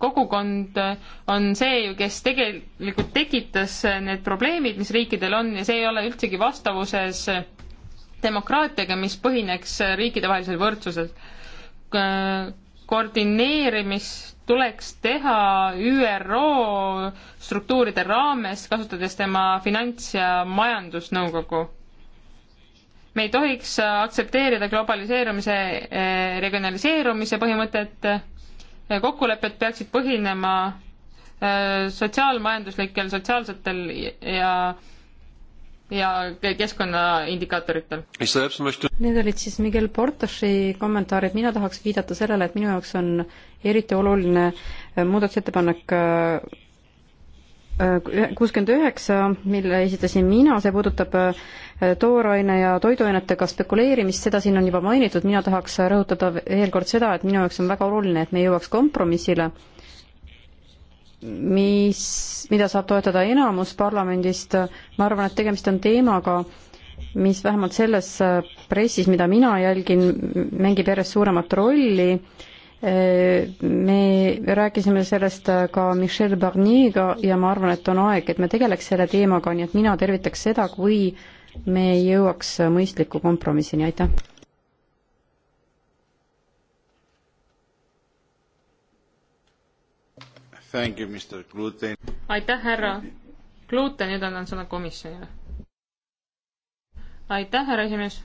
kogukond äh, on see, kes tegelikult tekitas äh, need probleemid, mis riikidel on ja see ei ole üldsegi vastavuses äh, demokraatiaga, mis põhineks riikidevahelisel võrdsusel. koordineerimist tuleks teha ÜRO struktuuride raames, kasutades tema finants- ja majandusnõukogu. me ei tohiks aktsepteerida globaliseerumise regionaliseerumise põhimõtet kokkulepped peaksid põhinema äh, sotsiaalmajanduslikel, sotsiaalsetel ja ja keskkonnaindikaatoritel. Need olid siis Miguel Portoši kommentaarid, mina tahaks viidata sellele, et minu jaoks on eriti oluline äh, muudatusettepanek äh, kuuskümmend üheksa, mille esitasin mina, see puudutab äh, tooraine ja toiduainetega spekuleerimist, seda siin on juba mainitud, mina tahaks rõhutada veel kord seda, et minu jaoks on väga oluline, et me jõuaks kompromissile, mis, mida saab toetada enamus parlamendist, ma arvan, et tegemist on teemaga, mis vähemalt selles pressis, mida mina jälgin, mängib järjest suuremat rolli äh, me rääkisime sellest ka Michel Barnier'ga ja ma arvan, et on aeg, et me tegeleks selle teemaga, nii et mina tervitaks seda, kui me jõuaks mõistliku kompromissini, aitäh. aitäh, härra Klute, nüüd annan sõna komisjonile. aitäh, härra esimees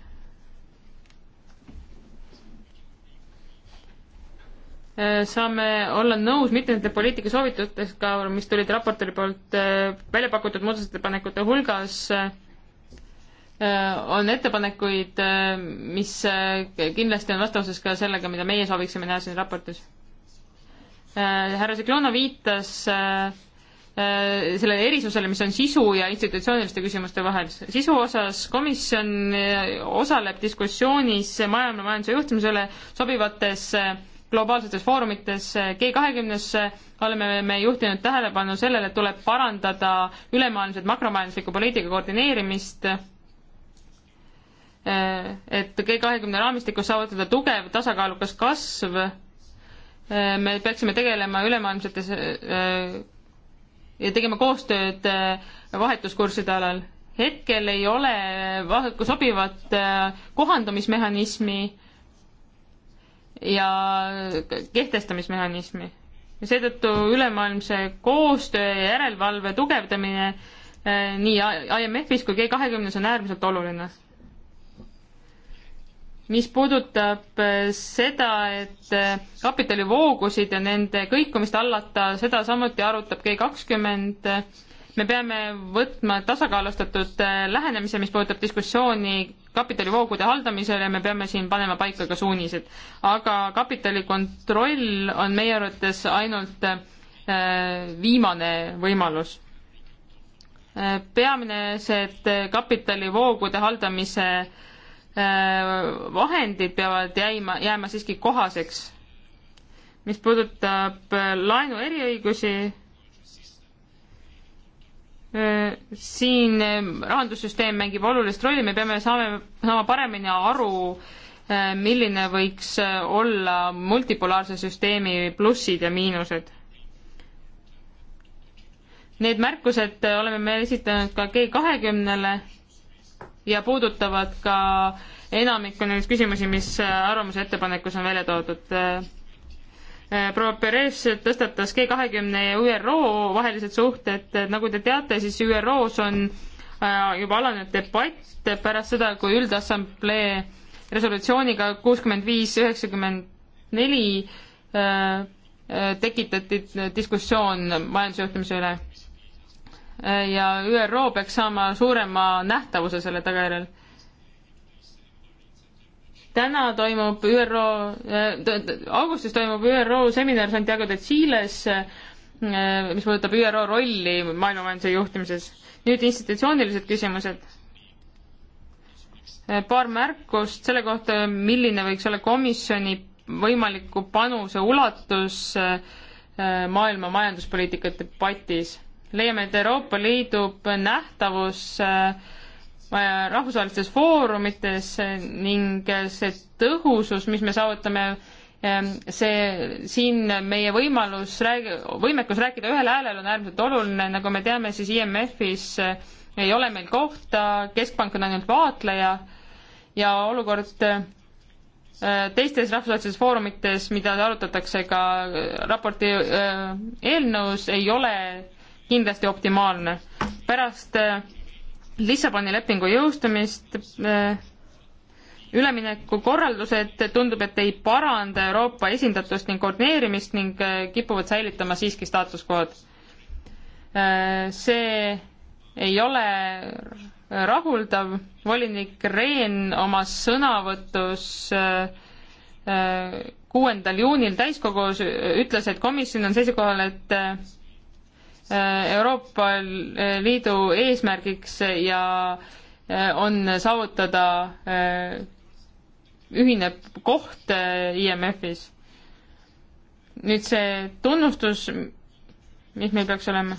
Äh, saame olla nõus mitmete poliitika soovitustega, mis tulid raportööri poolt äh, välja pakutud muudatusettepanekute hulgas, äh, on ettepanekuid, mis kindlasti on vastavuses ka sellega, mida meie sooviksime näha siin raportis. härra Siklona viitas sellele erisusele, mis on sisu ja institutsiooniliste küsimuste vahel. sisu osas komisjon osaleb diskussioonis maailma majanduse juhtimisele sobivates globaalsetes foorumites eh, G kahekümnes oleme me juhtinud tähelepanu sellele, et tuleb parandada ülemaailmset makromajandusliku poliitika koordineerimist, eh, et G kahekümne raamistikus saavutada tugev tasakaalukas kasv, eh, me peaksime tegelema ülemaailmsetes ja tegema koostööd vahetuskursside alal. hetkel ei ole sobivat kohandumismehhanismi ja kehtestamismehhanismi. ja seetõttu ülemaailmse koostöö ja järelevalve tugevdamine eh, nii IMF-is kui G20-s on äärmiselt oluline. mis puudutab eh, seda, et eh, kapitalivoogusid ja nende kõikumist hallata, seda samuti arutab G20 me peame võtma tasakaalustatud lähenemise, mis puudutab diskussiooni kapitalivoogude haldamisele, me peame siin panema paika ka suunised. aga kapitali kontroll on meie arvates ainult äh, viimane võimalus. Äh, peamine see, et kapitalivoogude haldamise äh, vahendid peavad jäima, jääma siiski kohaseks. mis puudutab laenu eriõigusi, Äh, siin äh, rahandussüsteem mängib olulist rolli, me peame saame, saama paremini aru, äh, milline võiks olla multipolaarse süsteemi plussid ja miinused. Need märkused oleme me esitanud ka G kahekümnele ja puudutavad ka enamikku nendest küsimusi, mis arvamuse ettepanekus on välja toodud Äh, proua Perez tõstatas G kahekümne ja ÜRO vahelised suhted, nagu te teate, siis ÜRO-s on äh, juba alanud debatt pärast seda, kui Üldassamblee resolutsiooniga kuuskümmend viis, üheksakümmend neli äh, tekitati diskussioon majandusjuhtimise üle. ja ÜRO peaks saama suurema nähtavuse selle tagajärjel täna toimub ÜRO äh,, augustis toimub ÜRO seminar Santiago de Chiles äh,, mis puudutab ÜRO rolli maailmamajanduse juhtimises. nüüd institutsioonilised küsimused äh,. paar märkust selle kohta, milline võiks olla komisjoni võimaliku panuse ulatus äh, äh, maailma majanduspoliitika debatis. leiame, et Euroopa Liidu nähtavus äh, rahvusvahelistes foorumites ning see tõhusus, mis me saavutame, ehm, see siin meie võimalus, võimekus rääkida ühel häälel on äärmiselt oluline, nagu me teame, siis IMF-is ei ole meil kohta, keskpank on ainult vaatleja ja olukord ehm, teistes rahvusvahelistes foorumites, mida arutatakse ka äh, raporti äh, eelnõus, ei ole kindlasti optimaalne. pärast äh, Lissaboni lepingu jõustumist äh, üleminekukorraldused tundub, et ei paranda Euroopa esindatust ning koordineerimist ning äh, kipuvad säilitama siiski staatus quo'd. Äh, see ei ole rahuldav, volinik Rehn oma sõnavõtus kuuendal juunil täiskogus ütles, et komisjon on seisukohal, et Äh, Euroopa Liidu eesmärgiks ja äh, on saavutada äh, ühine koht IMF-is. nüüd see tunnustus, mis meil peaks olema,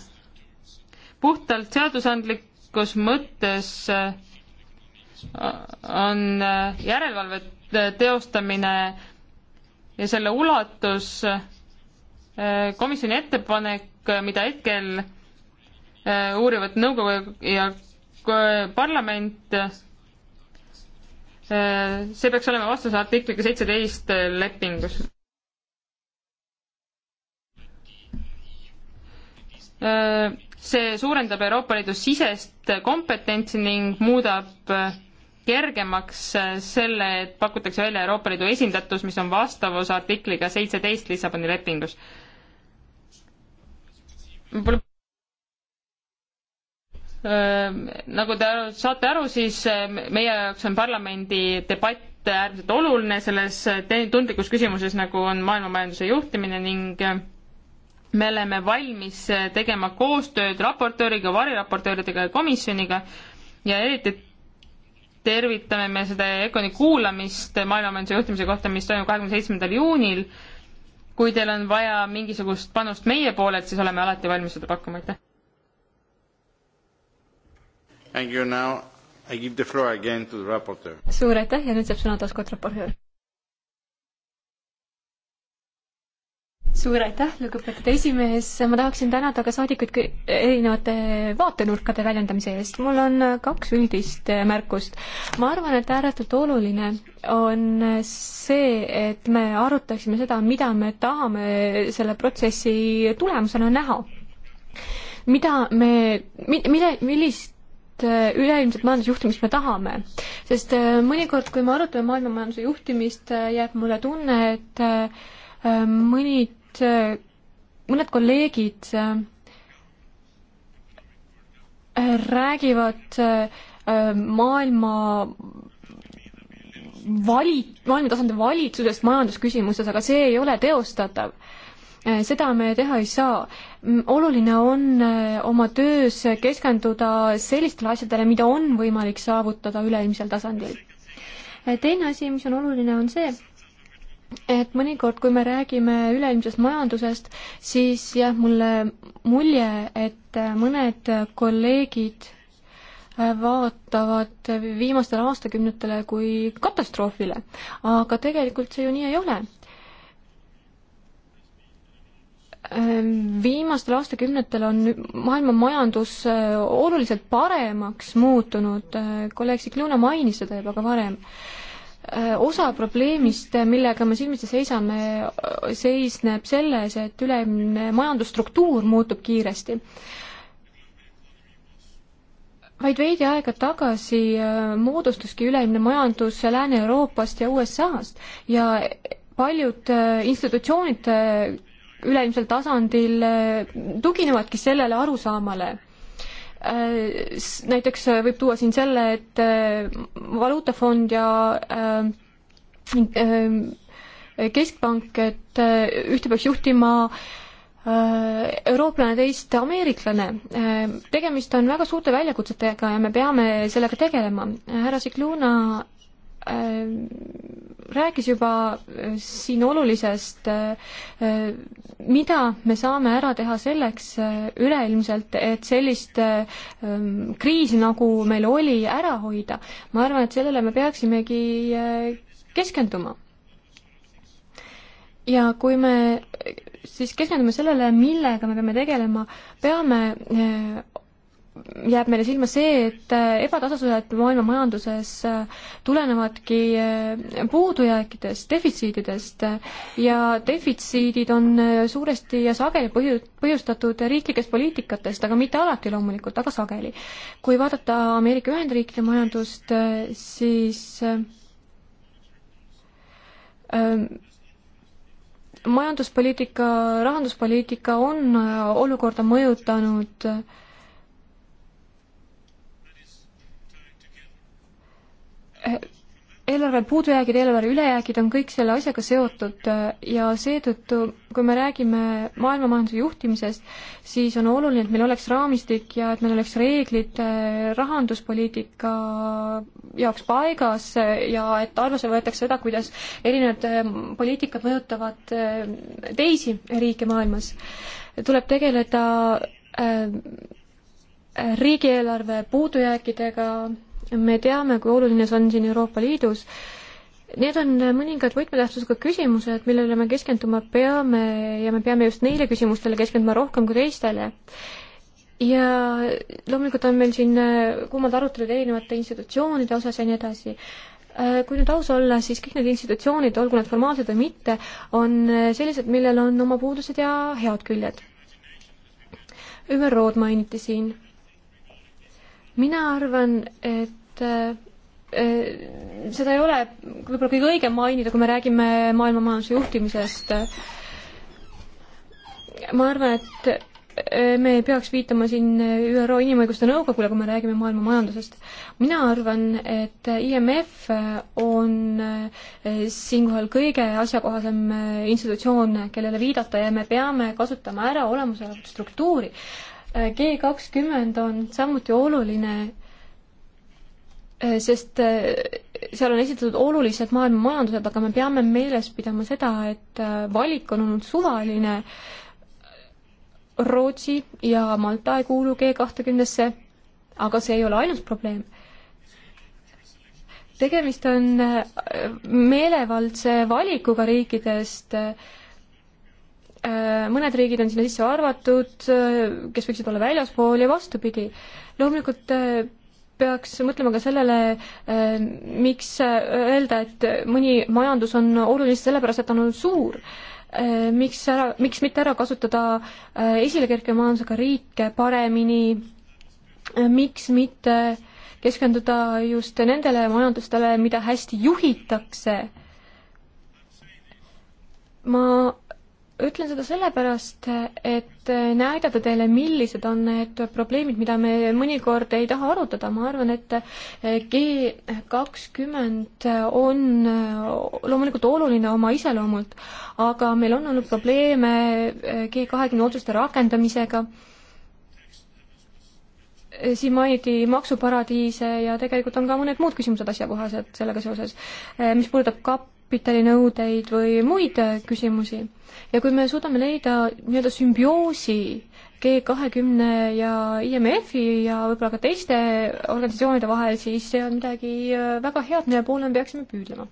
puhtalt seadusandlikus mõttes on järelevalve teostamine ja selle ulatus komisjoni ettepanek plokk, mida hetkel äh, uurivad nõukogu ja äh, parlament. Äh, see peaks olema vastuse artikliga seitseteist lepingus. see suurendab Euroopa Liidu sisest kompetentsi ning muudab kergemaks selle, et pakutakse välja Euroopa Liidu esindatus, mis on vastavus artikliga seitseteist Lissaboni lepingus võib-olla nagu te aru, saate aru, siis äh, meie jaoks on parlamendi debatt äärmiselt oluline selles äh, tundlikus küsimuses, nagu on maailmamajanduse juhtimine ning äh, me oleme valmis tegema koostööd raportööriga, variraportööridega ja komisjoniga ja eriti tervitame me seda EKONi kuulamist maailmamajanduse juhtimise kohta, mis toimub kahekümne seitsmendal juunil kui teil on vaja mingisugust panust meie poolelt, siis oleme alati valmis seda pakkuma, aitäh. suur aitäh ja nüüd saab sõna taas kord raportöör. suur aitäh, lugupeetud esimees, ma tahaksin tänada ka saadikuid erinevate vaatenurkade väljendamise eest. mul on kaks üldist märkust. ma arvan, et ääretult oluline on see, et me arutaksime seda, mida me tahame selle protsessi tulemusena näha. mida me, mille, millist äh, üleilmset majandusjuhtimist me tahame. sest äh, mõnikord, kui me arutame maailmamajanduse juhtimist, äh, jääb mulle tunne, et mõni mõned, äh, mõned kolleegid äh, räägivad äh, maailma vali-, maailmatasandi valitsusest majandusküsimustes, aga see ei ole teostatav. seda me teha ei saa. oluline on oma töös keskenduda sellistele asjadele, mida on võimalik saavutada üleilmsel tasandil. teine asi, mis on oluline, on see, et mõnikord, kui me räägime üleilmsest majandusest, siis jääb mulle mulje, et mõned kolleegid äh, vaatavad viimastele aastakümnetele kui katastroofile, aga tegelikult see ju nii ei ole. Ähm, viimastel aastakümnetel on maailma majandus äh, oluliselt paremaks muutunud, äh, kolleeg Sikluna mainis seda juba ka varem Äh, osa probleemist, millega me silmitsi seisame, äh, seisneb selles, et ülemine majandusstruktuur muutub kiiresti. vaid veidi aega tagasi äh, moodustuski ülemine majandus Lääne-Euroopast ja USA-st ja paljud institutsioonid üleilmsel tasandil tuginevadki sellele arusaamale Äh, näiteks äh, võib tuua siin selle, et äh, valuutafond ja keskpank, et ühte peaks juhtima eurooplane, teist ameeriklane. tegemist on väga suurte väljakutsetega ja me peame sellega tegelema. härra Sikluna Äh, rääkis juba äh, siin olulisest, äh, mida me saame ära teha selleks üleilmselt, et sellist ähm, kriisi, nagu meil oli, ära hoida. ma arvan, et sellele me peaksimegi keskenduma. ja kui me siis keskendume sellele, millega me peame tegelema, peame jääb meile silma see, et äh, ebatasasused maailma majanduses äh, tulenevadki äh, puudujääkidest, defitsiididest ja defitsiidid on suuresti ja sageli põhju-, põhjustatud riiklikest poliitikatest, aga mitte alati loomulikult, aga sageli. kui vaadata Ameerika Ühendriikide majandust, siis ähm, majanduspoliitika, rahanduspoliitika on olukorda mõjutanud äh, eelarve puudujäägid, eelarve ülejäägid on kõik selle asjaga seotud äh, ja seetõttu, kui me räägime maailmamajanduse juhtimisest, siis on oluline, et meil oleks raamistik ja et meil oleks reeglid äh, rahanduspoliitika jaoks paigas äh, ja et arvesse võetakse seda, kuidas erinevad poliitikad mõjutavad teisi riike maailmas. tuleb tegeleda riigieelarve puudujääkidega me teame, kui oluline see on siin Euroopa Liidus. Need on mõningad võtmetähtsusega küsimused, millele me keskenduma peame ja me peame just neile küsimustele keskenduma rohkem kui teistele. ja loomulikult on meil siin äh, kuumad arutelud erinevate institutsioonide osas ja nii edasi äh, kui nüüd aus olla, siis kõik need institutsioonid, olgu nad formaalsed või mitte, on äh, sellised, millel on oma puudused ja head küljed. ÜRO-d mainiti siin mina arvan, et äh, seda ei ole võib-olla kõige õigem mainida, kui me räägime maailma majanduse juhtimisest. ma arvan, et äh, me ei peaks viitama siin ÜRO Inimõiguste Nõukogule, kui me räägime maailma majandusest. mina arvan, et IMF on äh, siinkohal kõige asjakohasem institutsioon, kellele viidata ja me peame kasutama ära olemasolevat struktuuri. G kakskümmend on samuti oluline, eh, sest eh, seal on esitatud olulised maailma majandused, aga me peame meeles pidama seda, et eh, valik on olnud suvaline. Rootsi ja Malta ei kuulu G kahtekümnesse, aga see ei ole ainus probleem tegemist on meelevaldse valikuga riikidest, Äh, mõned riigid on sinna sisse arvatud, äh, kes võiksid olla väljaspool ja vastupidi. loomulikult äh, peaks mõtlema ka sellele, miks öelda, et mõni majandus on oluline sellepärast, et ta on suur. miks ära, miks mitte ära kasutada esilekerkiva majandusega riike paremini, miks mitte keskenduda just nendele majandustele, mida hästi juhitakse. ma ütlen seda sellepärast, et näidata teile, millised on need probleemid, mida me mõnikord ei taha arutada, ma arvan, et G kakskümmend on loomulikult oluline oma iseloomult, aga meil on olnud probleeme G kahekümne otsuste rakendamisega, siin mainiti maksuparadiise ja tegelikult on ka mõned muud küsimused asjakohased sellega seoses. mis puudutab kap-, kapitalinõudeid või muid äh, küsimusi. ja kui me suudame leida nii-öelda sümbioosi G kahekümne ja IMF-i ja võib-olla ka teiste organisatsioonide vahel, siis see on midagi äh, väga head, mille poole me peaksime püüdlema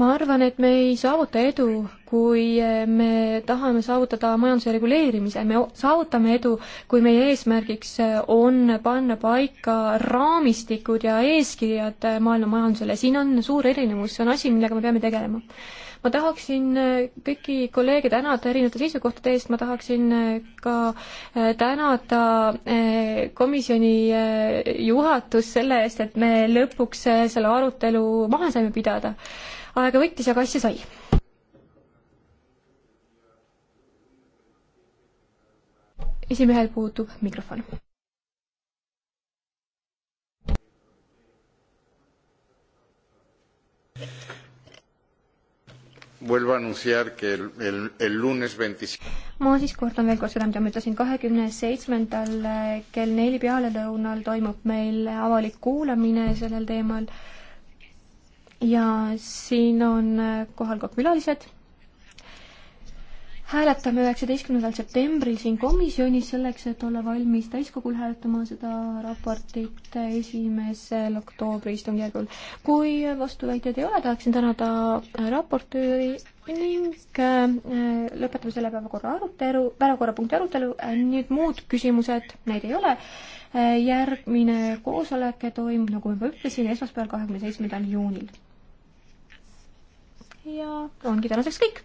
ma arvan, et me ei saavuta edu, kui me tahame saavutada majanduse reguleerimise, me saavutame edu, kui meie eesmärgiks on panna paika raamistikud ja eeskirjad maailma majandusele, siin on suur erinevus, see on asi, millega me peame tegelema. ma tahaksin kõiki kolleege tänada erinevate seisukohtade eest, ma tahaksin ka eh, tänada eh, komisjoni eh, juhatust selle eest, et me lõpuks selle arutelu maha saime pidada aega võttis, aga asja sai. esimehel puudub mikrofon. Vuelvo a anunciar que el, el, el lunes 25. ma siis kordan veel kord seda, mida ma ütlesin, kahekümne seitsmendal kell neli pealelõunal toimub meil avalik kuulamine sellel teemal ja siin on äh, kohal ka külalised. hääletame üheksateistkümnendal septembril siin komisjonis selleks, et olla valmis täiskogul hääletama seda raportit esimesel oktoobri istungjärgul. kui vastuväiteid ei ole, tahaksin tänada raportööri ning äh, lõpetame selle päevakorra arutelu, päevakorrapunkti arutelu, äh, nüüd muud küsimused, neid ei ole. järgmine koosolek toimub, nagu ma juba ütlesin, esmaspäeval, kahekümne seitsmendal juunil ja ongi tänaseks kõik.